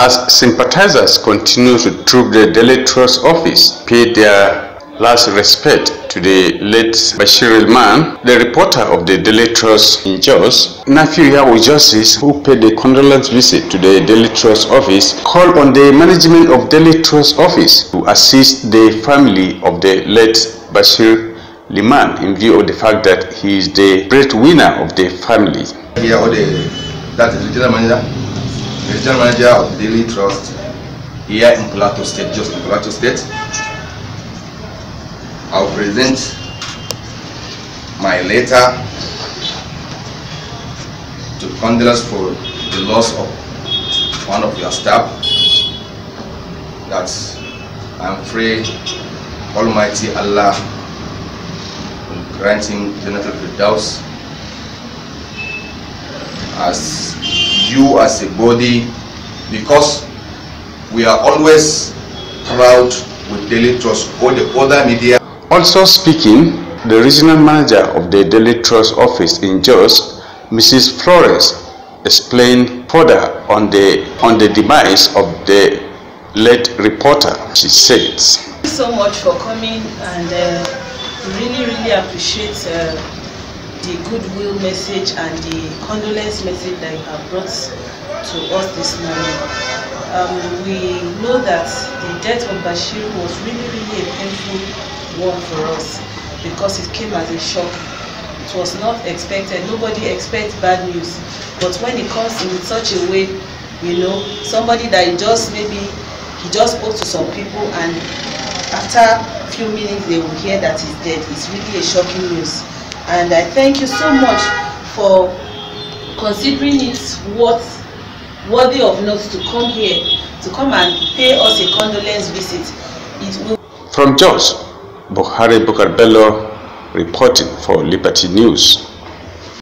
As sympathizers continue to troop the Delhi Trust office, pay their last respect to the late Bashir Man, the reporter of the Delhi Trust in Jos, Nafi Yawo Justice, who paid a condolence visit to the Delhi Trust office, called on the management of Delhi Trust office to assist the family of the late Bashir Liman in view of the fact that he is the breadwinner of the family. Yeah, the, that is the general manager. Regional Manager of Daily Trust here in Plateau State, just in Plateau State. I'll present my letter to condolence for the loss of one of your staff. That I'm free. Almighty Allah granting grant him Jonathan Firdaus as you as a body because we are always proud with Daily Trust or the other media. Also speaking, the regional manager of the Daily Trust office in Jos, Mrs. Flores, explained further on the on the demise of the late reporter. She says, "Thank you so much for coming, and uh, really, really appreciate." Uh, the goodwill message and the condolence message that you have brought to us this morning. Um, we know that the death of Bashir was really, really a painful one for us because it came as a shock. It was not expected. Nobody expects bad news. But when it comes in such a way, you know, somebody that just maybe he just spoke to some people and after a few minutes they will hear that he's dead. It's really a shocking news. And I thank you so much for considering it worth, worthy of note to come here, to come and pay us a condolence visit. It will From George, Buhari Bukarbello reporting for Liberty News.